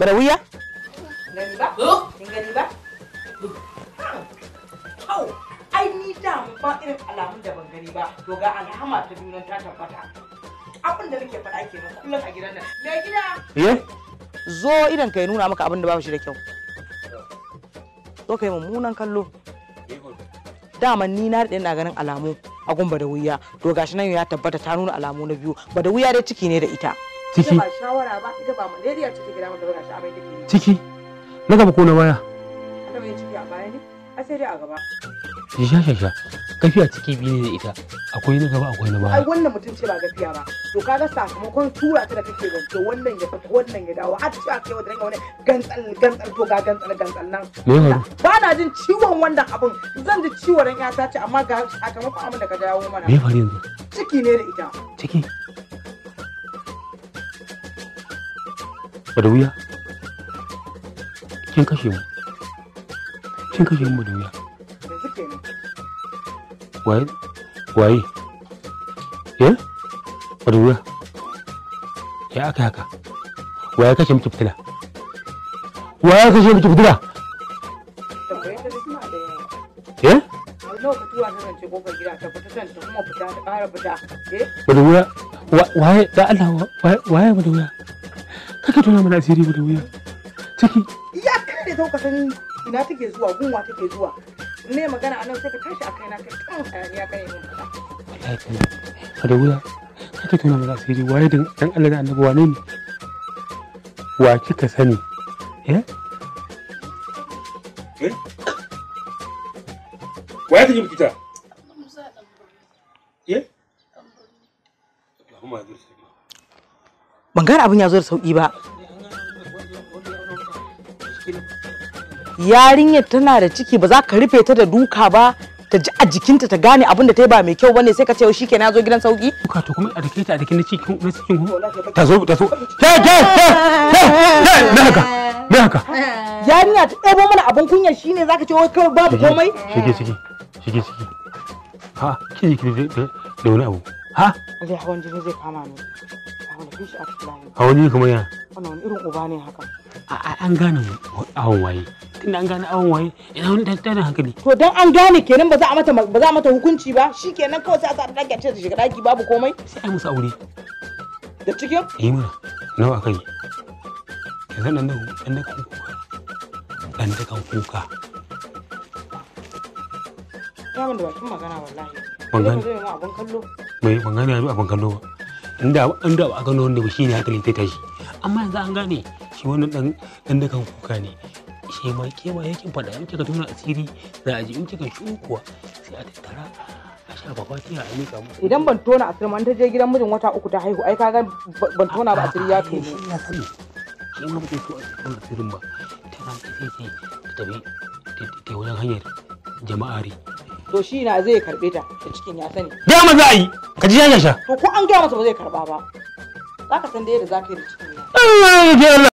Barawiya? Gani ba? Gani ba? ai ni da ba irin alamun da ban gani ba, to ga alhama ta ta tabbata. Abin da nake faɗa kullum a gidan nan. gida? Ye? Zo idan ka nuna maka abin da babu shi da kyau. Zo ka yi mummunan kallo. daman ni na daɗe ganin alamu a gun to tabbata ta nuna alamu na biyu, wuya dai ciki ne da ita. ciki ba shawara ba ita ba malaria ce take damun da ba gashi amai take ciki na gaba ko na baya ta mai ciki a baya ne a sai dai a gaba sha sha sha gafiya ciki biyu ne da ita akwai na gaba akwai na baya ai wannan mutum ce ba gafiya ba to kaga sakamakon tura ta da kake zance wannan ya fita wannan ya dawo har ci a kai wata wani gantsal gantsal to ga gantsal gantsal nan me faru ba na jin ciwon wannan abun zan ji ciwon ran ya ta ce amma ga sakamakon abin da ka dawo mana me faru yanzu ciki ne da ita ciki Badawiya kin kashe mu kin kashe mu Badawiya waye waye eh Badawiya ya aka haka waye kashe miki fitila waye kashe miki fitila eh Badawiya waye da Allah waye Badawiya kake tona mana asiri ba da wuya ciki ya ina take zuwa gunwa take zuwa ne magana anan sai ka tashi akai na kai kan hayaniya kai mun da wuya kake mana asiri waye dan Allah da annabi wane ne wa kika sani eh eh waye eh Allahumma ban gane abin ya zo da sauki ba yarinyar tana da ciki ba za ka rufe ta da duka ba ta ji a jikinta ta gane abin da ta yi ba mai kyau bane sai ka ce shi ke na zo gidan sauki duka to kuma a dake ta a dake na cikin na cikin ta zo ta zo ta ta ta ta me haka me haka yarinya ta ɗebo mana abin kunya shine zaka ce wai kawai babu komai shige shige shige shige ha kiji kiji da wani abu ha Allah ya hawan jini zai kama ni bi shi a fulani hawan kuma ya wannan wani irin uba ne haka an gane awon waye tunda an gane awon waye ina wani dan tana hankali to dan an gane kenan ba za a mata ba za a mata hukunci ba shikenan kawai sai a sa ta dake ta shiga daki babu komai sai a musu aure da cikin eh mana nawa kai yanzu nan dan da kuka dan da kan kuka ya ban da bakin magana wallahi ban gane abun kallo bai ban gane abun kallo ba inda inda ba a gano wanda shi ne hankali ta tashi amma yanzu an gane shi wannan dan dan da kan kuka ne shi ma ke ma yake fada in kika tuna asiri za a ji in kika shi kuwa sai a tattara a shafa fatiya a mika musu idan ban tona asiri man ta je gidan mijin wata uku ta haihu ai kaga ban tona ba asiri ya tono ne ya sani shi ma bai to asirin asirin ba ta ta sai ta tabi ta wajen hanyar jama'ari to shi na zai karbe ta da cikin ya sani Da ma za a yi ka ji sha. to ko an gaya masa ba zai karɓa ba zaka san da yadda zaka yi da cikin ya